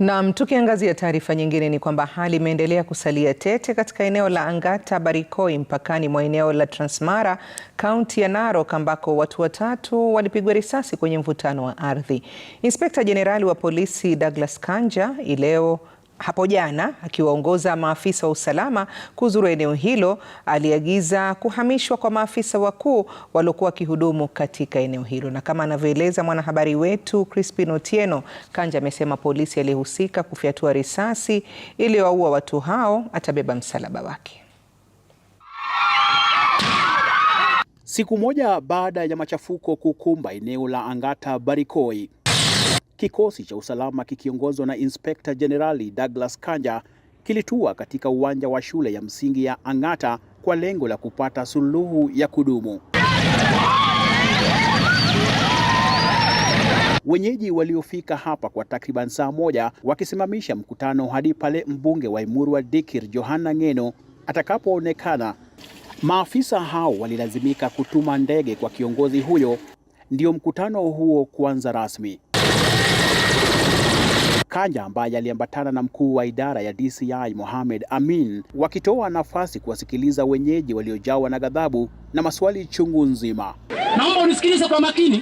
Naam, tukiangazia taarifa nyingine ni kwamba hali imeendelea kusalia tete katika eneo la Angata Barikoi mpakani mwa eneo la Transmara kaunti ya Narok ambako watu watatu walipigwa risasi kwenye mvutano wa ardhi. Inspekta Jenerali wa polisi Douglas Kanja ileo hapo jana akiwaongoza maafisa wa usalama kuzuru eneo hilo, aliagiza kuhamishwa kwa maafisa wakuu waliokuwa wakihudumu katika eneo hilo. Na kama anavyoeleza mwanahabari wetu Crispin Otieno, Kanja amesema polisi aliyehusika kufyatua risasi iliyowaua watu hao atabeba msalaba wake. Siku moja baada ya machafuko kukumba eneo la Angata Barikoi Kikosi cha usalama kikiongozwa na Inspekta Jenerali Douglas Kanja kilitua katika uwanja wa shule ya msingi ya Ang'ata kwa lengo la kupata suluhu ya kudumu. Wenyeji waliofika hapa kwa takriban saa moja wakisimamisha mkutano hadi pale mbunge wa Imurwa Dikir johanna Ng'eno atakapoonekana. Maafisa hao walilazimika kutuma ndege kwa kiongozi huyo, ndio mkutano huo kuanza rasmi. Makanja ambaye aliambatana na mkuu wa idara ya DCI Mohamed Amin, wakitoa nafasi kuwasikiliza wenyeji waliojawa na ghadhabu na maswali chungu nzima. Naomba unisikilize kwa makini,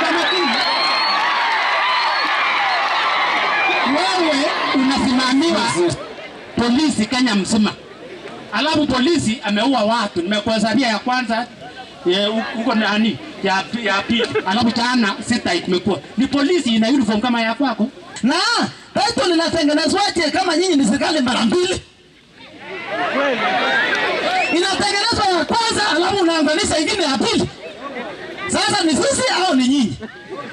kwa makini. Wewe unasimamiwa polisi Kenya mzima, alafu polisi ameua watu. Nimekuhesabia ya kwanza huko ndani ya ya pili, alafu jana sita imekuwa ni polisi ina uniform kama ya kwako na peto linatengenezwaje kama nyinyi ni serikali mara mbili? Inatengenezwa ya kwanza, alafu unaangalisha ingine ya pili. Sasa ni sisi au ni nyinyi?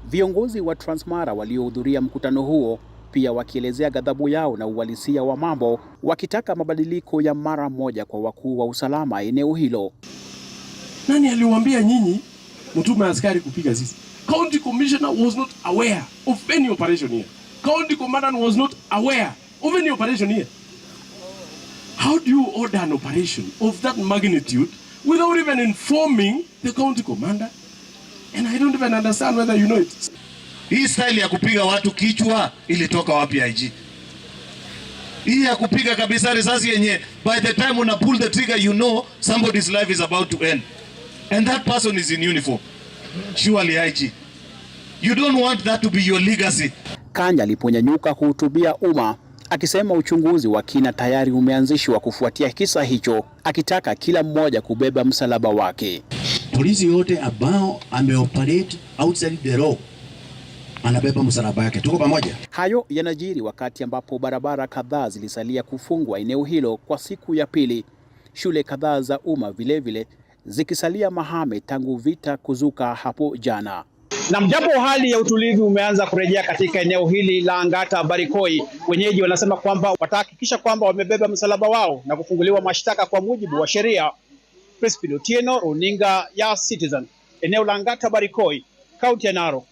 Viongozi wa Transmara waliohudhuria mkutano huo pia wakielezea ghadhabu yao na uhalisia wa mambo, wakitaka mabadiliko ya mara moja kwa wakuu wa usalama eneo hilo. Nani aliwaambia nyinyi mtume askari kupiga sisi? County commissioner was not aware of any operation here county commandant was not aware of any operation here. How do you order an operation of that magnitude without even informing the county commander? And I don't even understand whether you know it. Hii style ya kupiga watu kichwa ilitoka wapi IG? Hii ya kupiga kabisa risasi yenye by the time una pull the trigger you know somebody's life is about to end. And that person is in uniform. Surely IG. You don't want that to be your legacy. Makanja aliponyanyuka kuhutubia umma akisema uchunguzi wa kina tayari umeanzishwa kufuatia kisa hicho, akitaka kila mmoja kubeba msalaba wake. Polisi yote ambao ameoperate outside the law anabeba msalaba wake. Tuko pamoja. Hayo yanajiri wakati ambapo barabara kadhaa zilisalia kufungwa eneo hilo kwa siku ya pili, shule kadhaa za umma vilevile zikisalia mahame tangu vita kuzuka hapo jana. Na mjapo hali ya utulivu umeanza kurejea katika eneo hili la Angata Barikoi, wenyeji wanasema kwamba watahakikisha kwamba wamebeba msalaba wao na kufunguliwa mashtaka kwa mujibu wa sheria. Crispin Otieno, runinga ya Citizen, eneo la Angata Barikoi, kaunti ya Narok.